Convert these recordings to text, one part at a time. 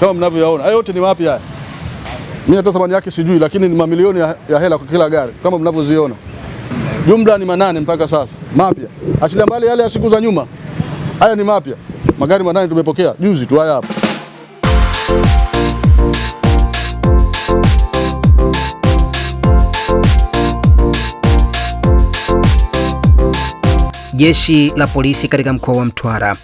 kama mnavyoyaona. Hayo yote ni wapi haya? Mimi hata thamani yake sijui, lakini ni mamilioni ya, ya hela kwa kila gari kama mnavyoziona. Jumla ni manane mpaka sasa mapya, achilia mbali yale ya siku za nyuma. Haya ni mapya, magari manane tumepokea juzi tu, haya hapa. Jeshi la polisi katika mkoa wa Mtwara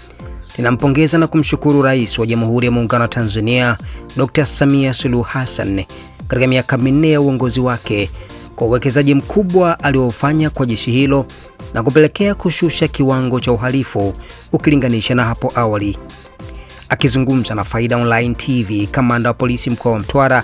linampongeza na kumshukuru Rais wa Jamhuri ya Muungano wa Tanzania Dr. Samia Suluhu Hassan katika miaka minne ya uongozi wake kwa uwekezaji mkubwa aliofanya kwa jeshi hilo na kupelekea kushusha kiwango cha uhalifu ukilinganisha na hapo awali. Akizungumza na Faida Online TV, kamanda wa polisi mkoa wa Mtwara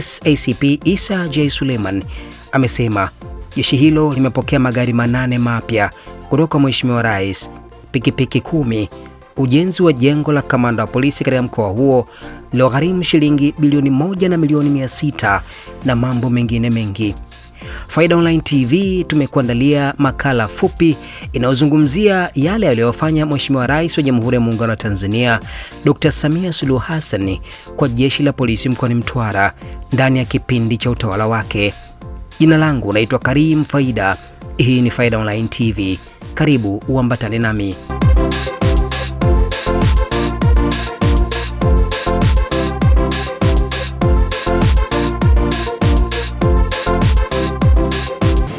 SACP Isa J Suleiman amesema jeshi hilo limepokea magari manane mapya kutoka Mheshimiwa Rais, pikipiki kumi ujenzi wa jengo la kamanda wa polisi katika mkoa huo liogharimu shilingi bilioni moja na milioni mia sita na mambo mengine mengi. Faida Online TV tumekuandalia makala fupi inayozungumzia yale aliyofanya Mheshimiwa Rais wa Jamhuri ya Muungano wa Tanzania Dr. Samia Suluhu Hassan kwa jeshi la polisi mkoani Mtwara ndani ya kipindi cha utawala wake. Jina langu naitwa Karim Faida. Hii ni Faida Online TV. Karibu uambatane nami.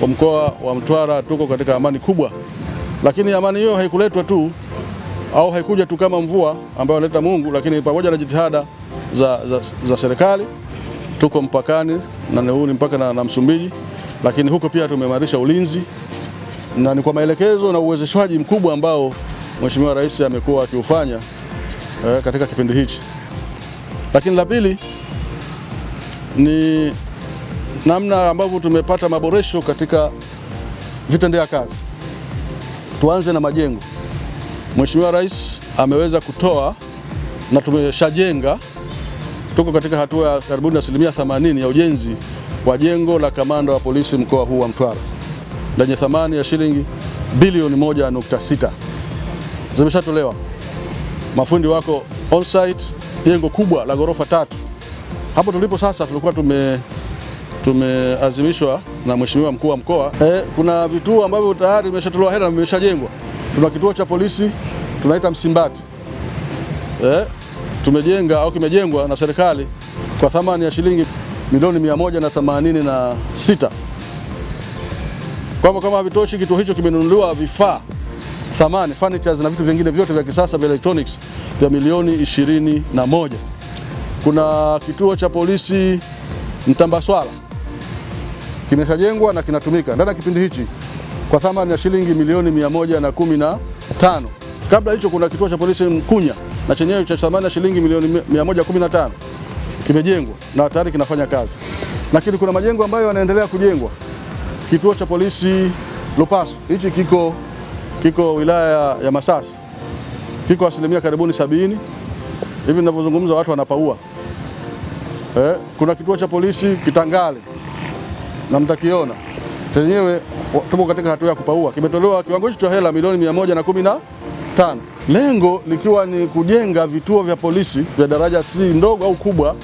mkoa wa Mtwara tuko katika amani kubwa, lakini amani hiyo haikuletwa tu au haikuja tu kama mvua ambayo analeta Mungu, lakini pamoja na jitihada za, za, za serikali. Tuko mpakani na huu ni mpaka na, na Msumbiji, lakini huko pia tumeimarisha ulinzi na ni kwa maelekezo na uwezeshwaji mkubwa ambao Mheshimiwa Rais amekuwa akiufanya eh, katika kipindi hichi. Lakini la pili ni namna ambavyo tumepata maboresho katika vitendea kazi. Tuanze na majengo. Mheshimiwa Rais ameweza kutoa na tumeshajenga, tuko katika hatua ya karibuni asilimia 80 ya ujenzi wa jengo la kamanda wa polisi mkoa huu wa Mtwara lenye thamani ya shilingi bilioni 1.6 zimeshatolewa. Mafundi wako on site, jengo kubwa la ghorofa tatu. Hapo tulipo sasa tulikuwa tume tumeazimishwa na mheshimiwa mkuu wa mkoa e, kuna vituo ambavyo tayari vimeshatolewa hela na vimeshajengwa. Tuna kituo cha polisi tunaita Msimbati e, tumejenga au kimejengwa na serikali kwa thamani ya shilingi milioni mia moja na themanini na sita. Kwamba kama havitoshi, kituo hicho kimenunuliwa vifaa thamani furnitures na vitu vingine vyote vya kisasa vya electronics vya milioni ishirini na moja. Kuna kituo cha polisi Mtambaswala kimeshajengwa na kinatumika ndani ya kipindi hichi kwa thamani ya shilingi milioni mia moja na kumi na tano. Kabla hicho kuna kituo cha polisi Mkunya na chenyewe cha thamani ya shilingi milioni mia moja kumi na tano kimejengwa na tayari kinafanya kazi, lakini kuna majengo ambayo yanaendelea kujengwa. Kituo cha polisi Lupaso hichi kiko, kiko wilaya ya Masasi kiko asilimia karibuni sabini hivi ninavyozungumza, watu wanapaua eh. Kuna kituo cha polisi Kitangale na mtakiona chenyewe, tupo katika hatua ya kupaua. Kimetolewa kiwango hicho cha hela milioni mia moja na kumi na tano lengo likiwa ni kujenga vituo vya polisi vya daraja si ndogo au kubwa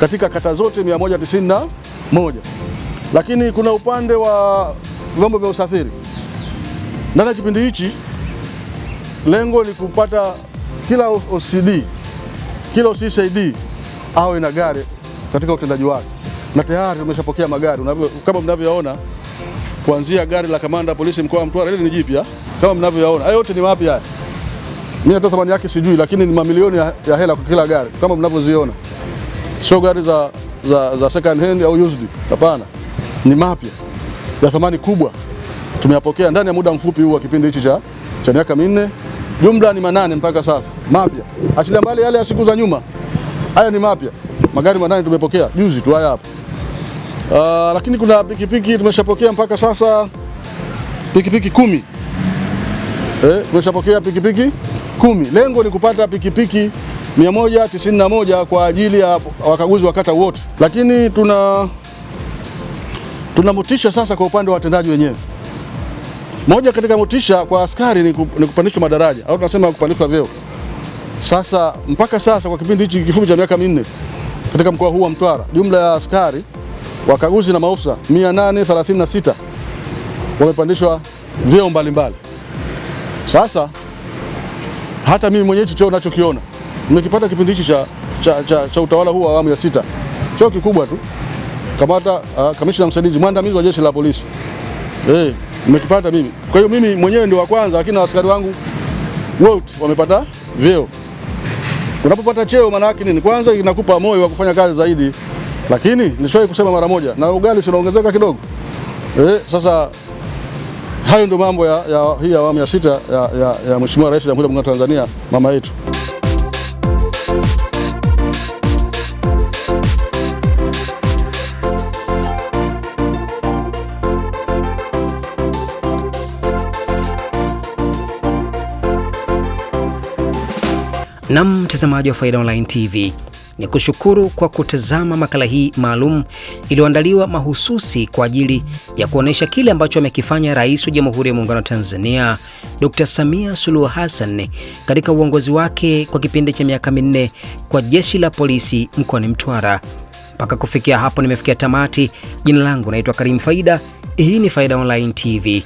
katika kata zote 191 lakini kuna upande wa vyombo vya usafiri. Ndani ya kipindi hichi lengo ni kupata kila OCD, kila OCD awe na gari katika utendaji wake na tayari tumeshapokea magari kama mnavyoona kuanzia gari la kamanda polisi mkoa wa Mtwara, ni jipya kama mnavyoona. Hayo yote ni mapya, mimi hata thamani yake sijui, lakini ni mamilioni ya, ya hela kwa kila gari kama mnavyoziona, sio gari za, za, za second hand au used, hapana, ni mapya ya thamani kubwa. Tumeyapokea ndani ya muda mfupi huu wa kipindi hichi cha cha miaka minne, jumla ni manane mpaka sasa, mapya, achilia mbali yale ya siku za nyuma, haya ni mapya magari manane tumepokea juzi tu haya hapa. Uh, lakini kuna pikipiki tumeshapokea mpaka sasa pikipiki kumi. Eh, tumeshapokea pikipiki kumi. Lengo ni kupata pikipiki 191 kwa ajili ya wakaguzi wa kata wote, lakini tuna tuna motisha sasa kwa upande wa watendaji wenyewe. Moja katika motisha kwa askari ni kupandishwa madaraja au tunasema kupandishwa vyeo. Sasa mpaka sasa kwa kipindi hichi kifupi cha miaka minne katika mkoa huu wa Mtwara. Jumla ya askari wakaguzi na maofisa 836 wamepandishwa vyeo mbalimbali. Sasa hata mimi mwenyewe hicho cheo nachokiona nimekipata kipindi hichi cha, cha, cha, cha utawala huu wa awamu ya sita, cheo kikubwa tu kama hata uh, ah, kamishna msaidizi mwandamizi wa jeshi la polisi eh, nimekipata mimi. Kwa hiyo mimi mwenyewe ndio wa kwanza, lakini askari wangu wote wamepata vyeo. Unapopata cheo maana yake nini kwanza inakupa moyo wa kufanya kazi zaidi, lakini nishawahi kusema mara moja, na ugali sinaongezeka kidogo eh. Sasa hayo ndio mambo ya, ya hii awamu ya sita ya, ya, ya Mheshimiwa Rais wa Jamhuri ya Muungano wa Tanzania mama yetu. na mtazamaji wa Faida Online TV ni kushukuru kwa kutazama makala hii maalum iliyoandaliwa mahususi kwa ajili ya kuonesha kile ambacho amekifanya Rais wa Jamhuri ya Muungano wa Tanzania Dr. Samia Suluhu Hassan katika uongozi wake kwa kipindi cha miaka minne kwa Jeshi la Polisi mkoani Mtwara. Mpaka kufikia hapo nimefikia tamati. Jina langu naitwa Karim Faida. Hii ni Faida Online TV.